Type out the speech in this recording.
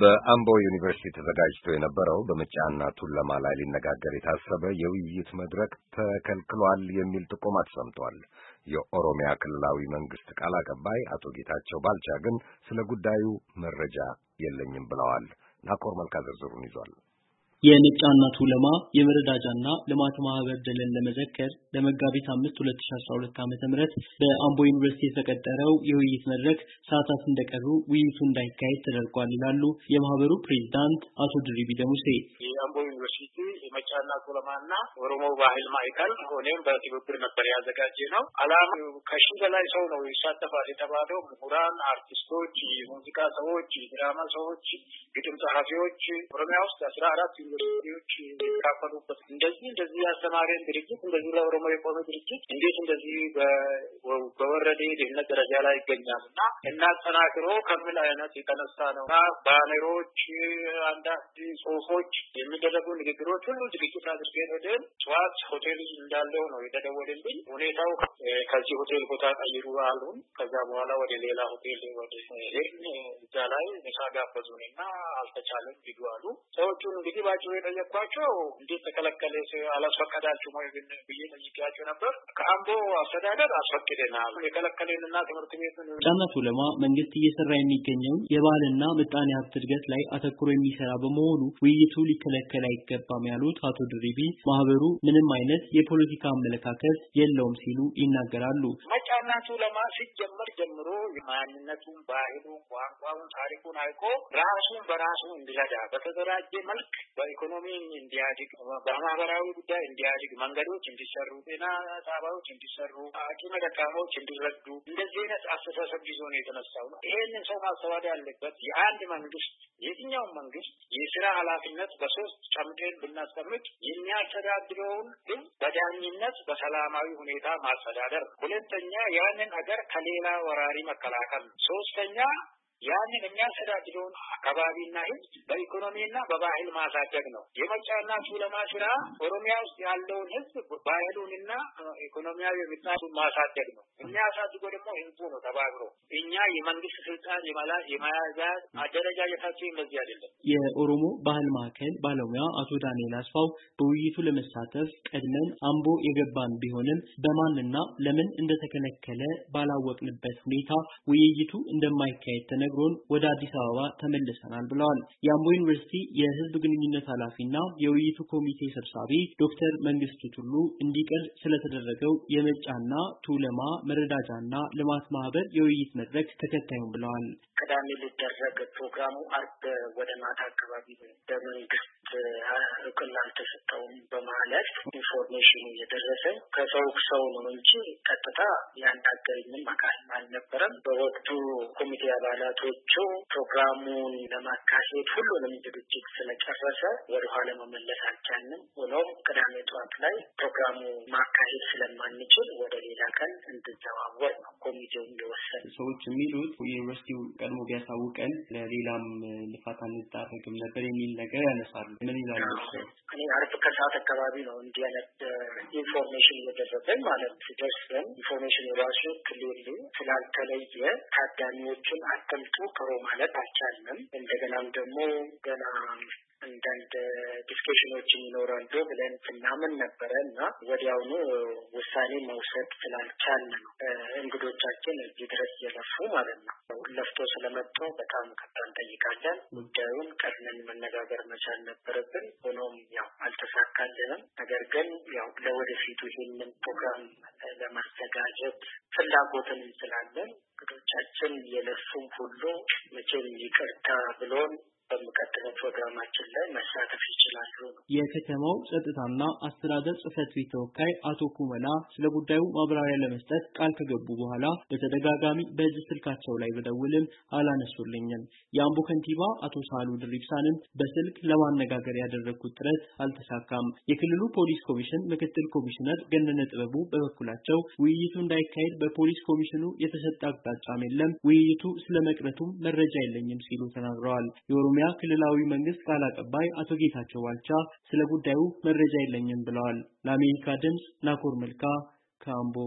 በአምቦ ዩኒቨርሲቲ ተዘጋጅቶ የነበረው በመጫና ቱለማ ላይ ሊነጋገር የታሰበ የውይይት መድረክ ተከልክሏል የሚል ጥቆማ ተሰምቷል። የኦሮሚያ ክልላዊ መንግስት ቃል አቀባይ አቶ ጌታቸው ባልቻ ግን ስለ ጉዳዩ መረጃ የለኝም ብለዋል። ናኮር መልካ ዝርዝሩን ይዟል። የንብ ቱለማ የመረዳጃና ልማት ማህበር ደለል ለመዘከር ለመጋቢት 5 2012 ሺ አስራ በአምቦ ዩኒቨርሲቲ የተቀጠረው የውይይት መድረክ ሰዓታት እንደቀሩ ውይይቱ እንዳይካሄድ ተደርጓል ይላሉ የማህበሩ ፕሬዚዳንት አቶ ድሪቢ ደሙሴ። የአምቦ ዩኒቨርሲቲ የመጫና ቱለማና ኦሮሞ ባህል ማዕከል ሆኔም በትብብር ነበር ያዘጋጀ ነው። አላማ ከሺ በላይ ሰው ነው ይሳተፋል የተባለው ምሁራን፣ አርቲስቶች፣ የሙዚቃ ሰዎች፣ የድራማ ሰዎች፣ ግጥም ጸሐፊዎች ኦሮሚያ ውስጥ አስራ አራት ዩኒቨርሲቲዎች የሚካፈሉበት እንደዚህ እንደዚህ ያስተማረን ድርጅት እንደዚህ ለኦሮሞ የቆመ ድርጅት እንዴት እንደዚህ በወረደ ድህነት ደረጃ ላይ ይገኛል እና እናጠናክሮ ከምን አይነት የተነሳ ነው እና ባነሮች፣ አንዳንድ ጽሁፎች፣ የሚደረጉ ንግግሮች ሁሉ ዝግጅት አድርገን ሄደን ጠዋት ሆቴል እንዳለው ነው የተደወልልኝ። ሁኔታው ከዚህ ሆቴል ቦታ ቀይሩ አሉን። ከዛ በኋላ ወደ ሌላ ሆቴል ወደ ሄድን። እዛ ላይ ምሳ ጋበዙን እና አልተቻለም ሂዱ አሉ ሰዎቹን እንግዲህ እንዲከለክላቸው የጠየቅኳቸው እንዴት ተከለከለ አላስፈቀዳችሁም ወይ ግን ብዬ ጠይቄያቸው ነበር። ከአምቦ አስተዳደር አስፈቅደናል የከለከለንና ትምህርት ቤቱን ጫናቱ ለማ መንግስት እየሰራ የሚገኘው የባህልና ምጣኔ ሀብት እድገት ላይ አተኩሮ የሚሰራ በመሆኑ ውይይቱ ሊከለከል አይገባም ያሉት አቶ ድሪቢ ማህበሩ ምንም አይነት የፖለቲካ አመለካከት የለውም ሲሉ ይናገራሉ። መጫናቱ ለማ ሲጀመር ጀምሮ ማንነቱን፣ ባህሉን፣ ቋንቋውን፣ ታሪኩን አይቆ ራሱን በራሱ እንዲረዳ በተደራጀ መልክ ኢኮኖሚ እንዲያድግ፣ በማህበራዊ ጉዳይ እንዲያድግ፣ መንገዶች እንዲሰሩ፣ ጤና ጣቢያዎች እንዲሰሩ፣ አቅመ ደካሞች እንዲረዱ፣ እንደዚህ አይነት አስተሳሰብ ይዞ ነው የተነሳው ነው። ይህንን ሰው ማስተዋል ያለበት የአንድ መንግስት የትኛውም መንግስት የስራ ኃላፊነት በሶስት ጨምቀን ብናስቀምጥ የሚያስተዳድረውን ግን በዳኝነት በሰላማዊ ሁኔታ ማስተዳደር፣ ሁለተኛ ያንን ሀገር ከሌላ ወራሪ መከላከል፣ ሶስተኛ ያንን የሚያስተዳድረውን አካባቢና ህዝብ በኢኮኖሚና በባህል ማሳደግ ነው። የመጫና ሱለማ ስራ ኦሮሚያ ውስጥ ያለውን ህዝብ ባህሉንና ኢኮኖሚያዊ የምጣቱን ማሳደግ ነው። የሚያሳድጎ ደግሞ ህዝቡ ነው። ተባብሮ እኛ የመንግስት ስልጣን የመያዝ አደረጃጀታችን እንደዚህ አይደለም። የኦሮሞ ባህል ማዕከል ባለሙያ አቶ ዳንኤል አስፋው በውይይቱ ለመሳተፍ ቀድመን አምቦ የገባን ቢሆንም በማንና ለምን እንደተከለከለ ባላወቅንበት ሁኔታ ውይይቱ እንደማይካሄድ ተነ ነግሮን ወደ አዲስ አበባ ተመልሰናል ብለዋል። የአምቦ ዩኒቨርሲቲ የህዝብ ግንኙነት ኃላፊና የውይይቱ ኮሚቴ ሰብሳቢ ዶክተር መንግስቱ ቱሉ እንዲቀር ስለተደረገው የመጫና ቱለማ መረዳጃና ልማት ማህበር የውይይት መድረክ ተከታዩም ብለዋል። ቅዳሜ ሊደረግ ፕሮግራሙ አርብ ወደ ማታ አካባቢ በመንግስት ምክንያት ኢንፎርሜሽን እየደረሰኝ ከሰው ሰው ነው እንጂ ቀጥታ ያናገርኝም አካል አልነበረም። በወቅቱ ኮሚቴ አባላቶቹ ፕሮግራሙን ለማካሄድ ሁሉንም ዝግጅት ስለጨረሰ ወደኋላ መመለስ አልቻልንም። ሆኖም ቅዳሜ ጠዋት ላይ ፕሮግራሙ ማካሄድ ስለማንችል ወደ ሌላ ቀን እንድዘዋወር ነው ኮሚቴው ሰዎች የሚሉት ዩኒቨርሲቲው ቀድሞ ቢያሳውቀን ለሌላም ልፋት አንዳረግም ነበር የሚል ነገር ያነሳሉ። ምን ይላሉ? እኔ አርብ ከሰዓት አካባቢ ነው እንዲህ አይነት ኢንፎርሜሽን እየደረሰን ማለት ሲደርሰን ኢንፎርሜሽን የራሱ ክልሉ ስላልተለየ ታዳሚዎችን አቀምጡ ክሮ ማለት አልቻልንም። እንደገናም ደግሞ ገና አንዳንድ ዲስኬሽኖች ይኖራሉ ብለን ስናምን ነበረ እና ወዲያውኑ ውሳኔ መውሰድ ስላልቻል ነው እንግዶቻችን እዚህ ድረስ የለፉ ማለት ነው። ለፍቶ ስለመጡ በጣም ከብታ እንጠይቃለን። ጉዳዩን ቀድመን መነጋገር መቻል ነበረብን። ሆኖም ያው አልተሳካልንም። ነገር ግን ያው ለወደፊቱ ይህንን ፕሮግራም ለማዘጋጀት ፍላጎትን እንችላለን። እንግዶቻችን የለፉም ሁሉ መቼም ይቅርታ ብሎን በሚቀጥለው ፕሮግራማችን ላይ መሳተፍ ይችላሉ። የከተማው ጸጥታና አስተዳደር ጽህፈት ቤት ተወካይ አቶ ኩመላ ስለ ጉዳዩ ማብራሪያ ለመስጠት ቃል ከገቡ በኋላ በተደጋጋሚ በእጅ ስልካቸው ላይ ብደውልም አላነሱልኝም። የአምቦ ከንቲባ አቶ ሳሉ ድሪብሳንም በስልክ ለማነጋገር ያደረግኩት ጥረት አልተሳካም። የክልሉ ፖሊስ ኮሚሽን ምክትል ኮሚሽነር ገነነ ጥበቡ በበኩላቸው ውይይቱ እንዳይካሄድ በፖሊስ ኮሚሽኑ የተሰጠ አቅጣጫም የለም፣ ውይይቱ ስለመቅረቱም መረጃ የለኝም ሲሉ ተናግረዋል። የኦሮሚያ ክልላዊ መንግስት ቃል አቀባይ አቶ ጌታቸው ባልቻ ስለ ጉዳዩ መረጃ የለኝም ብለዋል። ለአሜሪካ ድምፅ ናኮር መልካ ከአምቦ